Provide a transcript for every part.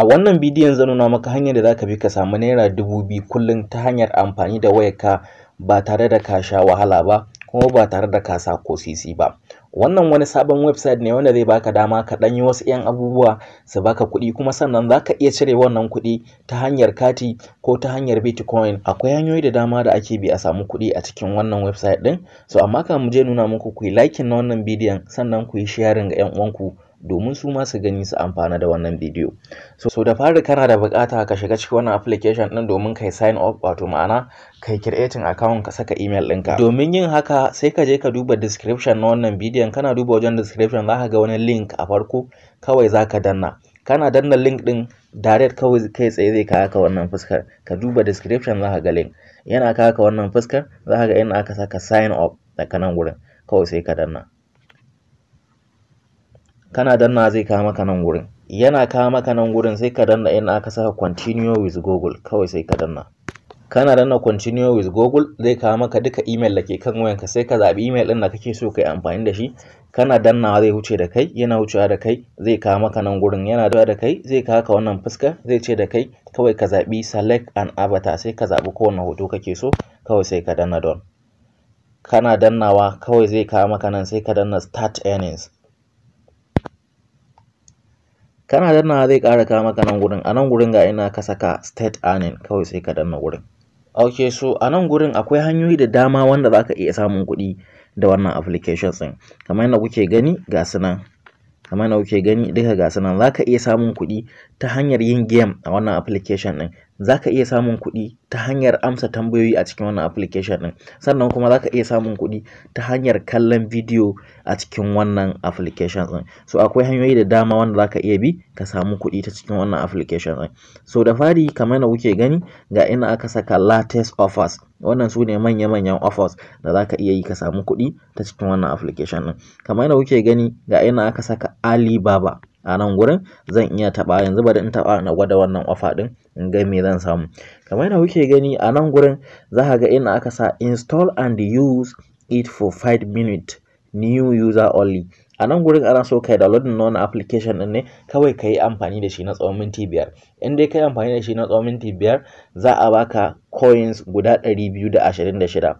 A wannan bidiyon zan nuna maka hanyar da zaka bi ka samu naira dubu biyu kullum ta hanyar amfani da wayarka ba tare da ka sha wahala ba kuma ba tare da ka sa ko sisi ba. Wannan wani sabon website ne wanda zai baka dama ka ɗan yi wasu 'yan abubuwa su baka kuɗi kuma sannan zaka iya cire wannan kuɗi ta hanyar kati ko ta hanyar bitcoin. Akwai hanyoyi da dama da ake bi a samu kuɗi a cikin wannan website ɗin. So amma kafin mu je nuna muku ku yi liking na wannan bidiyon sannan ku yi sharing ga 'yan uwanku domin su ma su gani su amfana da wannan bidiyo so da fari kana da bukata ka shiga cikin wannan application din domin kai sign up wato ma'ana kai creating account ka saka email ɗinka domin yin haka sai ka je ka duba description na wannan bidiyon kana duba wajen description za ka ga wani link a farko kawai za ka danna kana danna link din direct kawai kai tsaye zai kawo ka wannan fuskar ka duba description za ka ga link yana kawo ka wannan fuskar za ka ga yana aka saka sign up daga nan wurin kawai sai ka danna kana danna zai kawo maka nan gurin yana kawo maka nan gurin sai ka danna in aka saka continue with google kawai sai ka danna kana danna continue with google zai kawo maka duka email da ke kan wayanka sai ka zaɓi email ɗin da kake so ka yi amfani da shi kana dannawa zai wuce da kai yana wucewa da kai zai kawo maka nan gurin yana da da kai zai kawo ka wannan fuska zai ce da kai kawai ka zaɓi select an avatar sai ka zaɓi kowane hoto kake so kawai sai ka danna don kana dannawa kawai zai kawo maka nan sai ka danna start earnings kana dannawa zai ƙara kawo maka nan gurin a nan gurin ga ina ka saka state earning kawai sai ka danna gurin ok so a nan gurin akwai hanyoyi da dama wanda za ka iya samun kuɗi da wannan applications ɗin kamar yadda kuke gani ga su nan kamar yadda kuke gani duka ga su nan za ka iya samun kuɗi ta hanyar yin game a wannan application ɗin za ka iya samun kuɗi ta hanyar amsa tambayoyi a cikin wannan application ɗin sannan kuma za ka iya samun kuɗi ta hanyar kallon video a cikin wannan application ɗin so akwai hanyoyi da dama wanda za ka iya bi ka samu kuɗi ta cikin wannan application ɗin so da fari kamar yadda kuke gani ga ina aka saka latest offers wannan su ne manya-manyan offers da za ka iya yi ka samu kuɗi ta cikin wannan application ɗin kamar yadda kuke gani ga ina aka saka Alibaba a nan gurin zan iya taɓa yanzu bari in taɓa na gwada wannan ofa ɗin in ga me zan samu kamar yadda kuke gani a nan gurin za ka ga inda aka sa install and use it for five minutes new user only a nan gurin ana so kai downloading na wannan application ɗin ne kawai ka yi amfani da shi na tsawon minti biyar in dai ka yi amfani da shi na tsawon minti biyar za a baka coins guda ɗari biyu da da ashirin shida.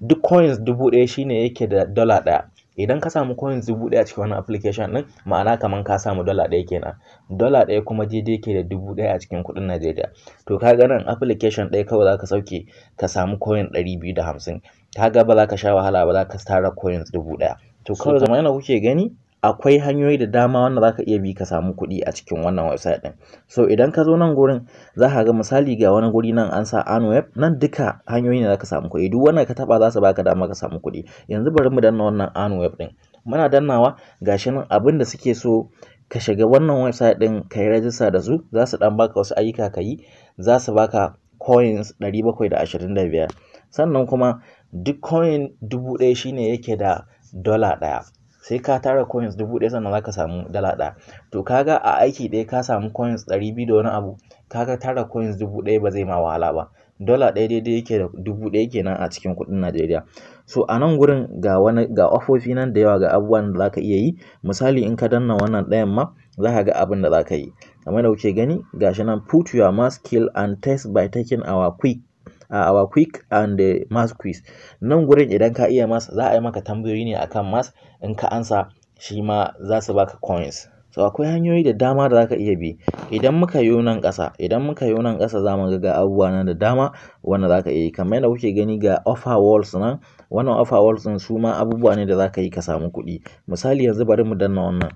duk coins dubu ɗaya shine yake da dala ɗaya idan ka samu coins dubu ɗaya a cikin wannan application ɗin ma'ana kamar ka samu dala ɗaya kenan dala ɗaya kuma daidai ke da dubu ɗaya a cikin kuɗin najeriya to ka ga nan application ɗaya kawai za ka sauke ka samu coin ɗari biyu da hamsin ka ga ba za ka sha wahala ba za ka tara coins dubu ɗaya to kawai zama yana kuke gani akwai hanyoyi da dama wanda za ka iya bi ka samu kuɗi a cikin wannan website ɗin so idan ka zo nan gurin za ka ga misali ga wani guri nan an sa an nan duka hanyoyi ne za ka samu kuɗi duk wanda ka taɓa za su ba ka dama ka samu kuɗi yanzu bari mu danna wannan anweb ɗin muna dannawa shi nan abin da suke so ka shiga wannan website ɗin ka yi rajista da su za su ɗan baka wasu ayyuka ka yi za su baka coins 725 sannan kuma duk coin ɗaya shine yake da dola ɗaya sai ka tara coins dubu ɗaya sannan zaka samu dala ɗaya to kaga a aiki ɗaya ka samu coins ɗari biyu da wani abu kaga tara coins dubu ɗaya ba zai ma wahala ba dola ɗaya daidai yake da dubu ɗaya kenan a cikin kuɗin Najeriya so a nan gurin ga wani ga ofofi nan da yawa ga abubuwan da zaka iya yi misali in ka danna wannan ɗayan ma zaka ga abin da zaka yi kamar da kuke gani gashi nan put your mask, skill and test by taking our quick Uh, our quick and the uh, mass quiz nan gurin idan ka iya mass za a yi maka tambayoyi ne akan mass in ka ansa shi ma za su baka coins so akwai hanyoyi da dama da zaka iya bi idan muka yi nan ƙasa idan muka yi nan ƙasa zamu ga ga abubuwa nan da dama wanda zaka iya yi kamar yadda kuke gani ga offer walls nan wannan offer walls din su ma abubuwa ne da zaka yi ka samu kuɗi misali yanzu bari mu danna wannan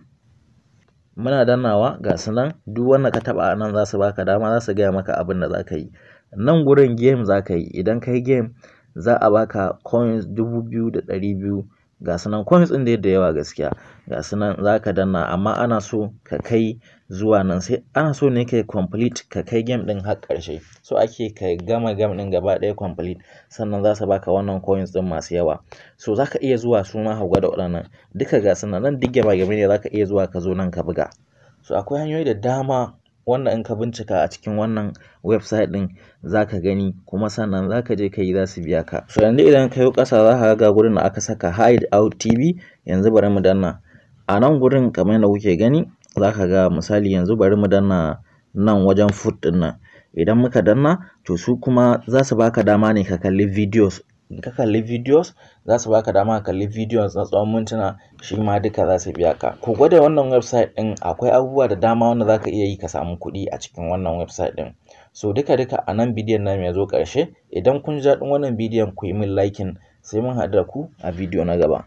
muna dannawa ga su nan duk wanda ka taɓa nan za su baka dama za su gaya maka abin da za ka yi nan gurin game za ka yi idan ka yi game za a baka coins dubu biyu da ɗari biyu ga su nan coins ɗin dai da yawa gaskiya ga su nan za ka danna amma ana so ka kai zuwa nan sai ana so ne ka complete ka kai game ɗin har ƙarshe so ake ka gama game ɗin gaba ɗaya complete sannan za su baka wannan coins ɗin masu yawa so za ka iya zuwa su ma hauga da waɗannan duka ga su nan nan duk gaba game ne za ka iya zuwa ka zo nan ka buga so akwai hanyoyi da dama wanda in ka bincika a cikin wannan website ɗin za ka gani kuma sannan za ka je ka yi za su biya ka so yanzu idan ka yi ƙasa za ka ga gurin da aka saka hide out tv yanzu bari mu danna a nan gurin kamar yadda kuke gani za ka ga misali yanzu bari mu danna nan wajen food ɗin nan idan muka danna to su kuma za su baka dama ne ka kalli videos in ka kalli videos za su baka dama ka kalli videos na tsawon mintuna shi ma duka za su biya ka ku gwada wannan website din akwai abubuwa da dama wanda za ka iya yi ka samu kuɗi a cikin wannan website din so duka duka a nan bidiyon na ya zo ƙarshe idan kun ji daɗin wannan bidiyon ku yi min liking sai mun haɗu da ku a bidiyo na gaba